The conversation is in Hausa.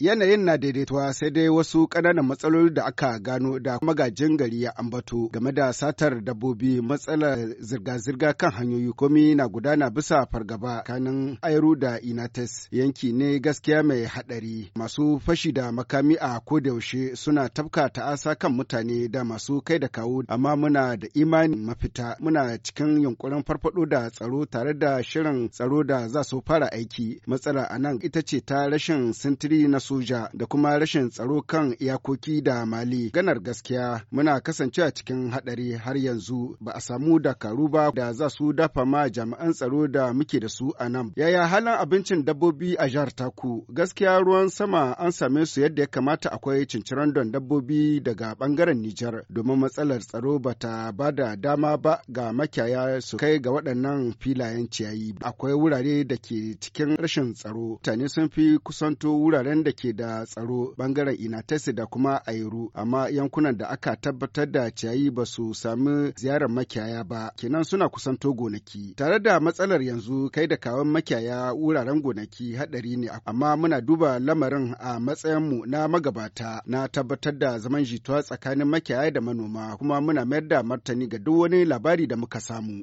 Yanayin na daidaituwa sai dai wasu ƙananan matsaloli da aka gano da magajin gari ya ambatu. game da satar dabbobi matsalar zirga-zirga kan hanyoyi komi na gudana bisa fargaba kanin airu da inates yanki ne gaskiya mai haɗari masu fashi da makami a kodayaushe suna tafka ta'asa kan mutane da masu kai da kawo amma muna da imani mafita muna cikin yunkurin farfaɗo da tsaro tare da shirin tsaro da za su fara aiki matsala a nan ita ce ta rashin sintiri na soja da kuma rashin tsaro kan iyakoki da Mali. Ganar gaskiya muna kasance a cikin haɗari har yanzu ba a samu dakaru ba da za su dafa ma jami'an tsaro da muke da su a nan. Yaya halin abincin dabbobi a jihar Taku? Gaskiya ruwan sama an same su yadda ya kamata akwai cinciran don dabbobi daga bangaren Nijar domin matsalar tsaro ba ta ba da dama ba ga makiyaya su kai ga waɗannan filayen ciyayi. Akwai wurare da ke cikin rashin tsaro. Mutane sun fi kusanto wuraren da ke da tsaro bangaren inatesi da kuma airu amma yankunan da aka tabbatar da ciyayi ba su sami ziyarar makiyaya ba kenan suna kusanto gonaki tare da matsalar yanzu kai da kawan makiyaya wuraren gonaki hadari ne amma muna duba lamarin a matsayinmu na magabata na tabbatar da zaman jituwa tsakanin makiyaya da manoma kuma muna mayar da martani ga duk wani labari da muka samu